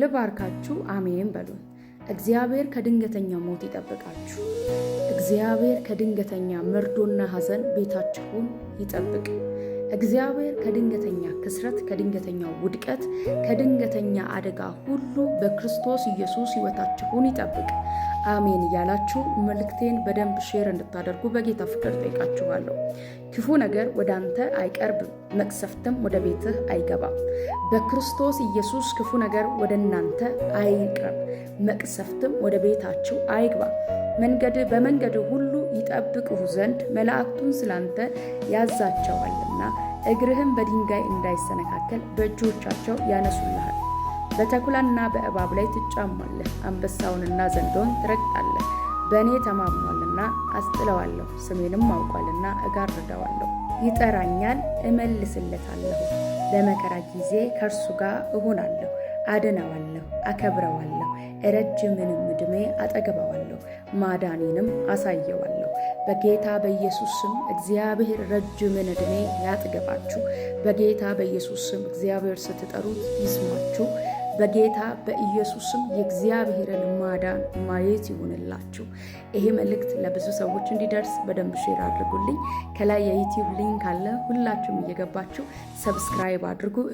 ልባርካችሁ አሜን በሉን። እግዚአብሔር ከድንገተኛ ሞት ይጠብቃችሁ። እግዚአብሔር ከድንገተኛ መርዶና ሐዘን ቤታችሁን ይጠብቅ። እግዚአብሔር ከድንገተኛ ክስረት፣ ከድንገተኛ ውድቀት፣ ከድንገተኛ አደጋ ሁሉ በክርስቶስ ኢየሱስ ሕይወታችሁን ይጠብቅ። አሜን እያላችሁ መልእክቴን በደንብ ሼር እንድታደርጉ በጌታ ፍቅር ጠይቃችኋለሁ። ክፉ ነገር ወደ አንተ አይቀርብም፣ መቅሰፍትም ወደ ቤትህ አይገባም። በክርስቶስ ኢየሱስ ክፉ ነገር ወደ እናንተ አይቅረብ፣ መቅሰፍትም ወደ ቤታችሁ አይግባ። መንገድ በመንገድ ሁሉ ይጠብቅሁ ዘንድ መላእክቱን ስላንተ ያዛቸዋልና እግርህም በድንጋይ እንዳይሰነካከል በእጆቻቸው ያነሱልሃል። በተኩላና በእባብ ላይ ትጫማለህ፣ አንበሳውንና ዘንዶን ትረግጣለህ። በእኔ ተማምኗልና አስጥለዋለሁ፣ ስሜንም አውቋልና እጋርደዋለሁ። ይጠራኛል፣ እመልስለታለሁ። በመከራ ጊዜ ከእርሱ ጋር እሆናለሁ፣ አድነዋለሁ፣ አከብረዋለሁ። ረጅምንም ዕድሜ አጠግበዋለሁ፣ ማዳኔንም አሳየዋለሁ። በጌታ በኢየሱስ ስም እግዚአብሔር ረጅምን ዕድሜ ያጥገባችሁ። በጌታ በኢየሱስ ስም እግዚአብሔር ስትጠሩት ይስማችሁ። በጌታ በኢየሱስም የእግዚአብሔርን ማዳን ማየት ይሁንላችሁ። ይሄ መልእክት ለብዙ ሰዎች እንዲደርስ በደንብ ሼር አድርጉልኝ። ከላይ የዩቲዩብ ሊንክ አለ። ሁላችሁም እየገባችሁ ሰብስክራይብ አድርጉ።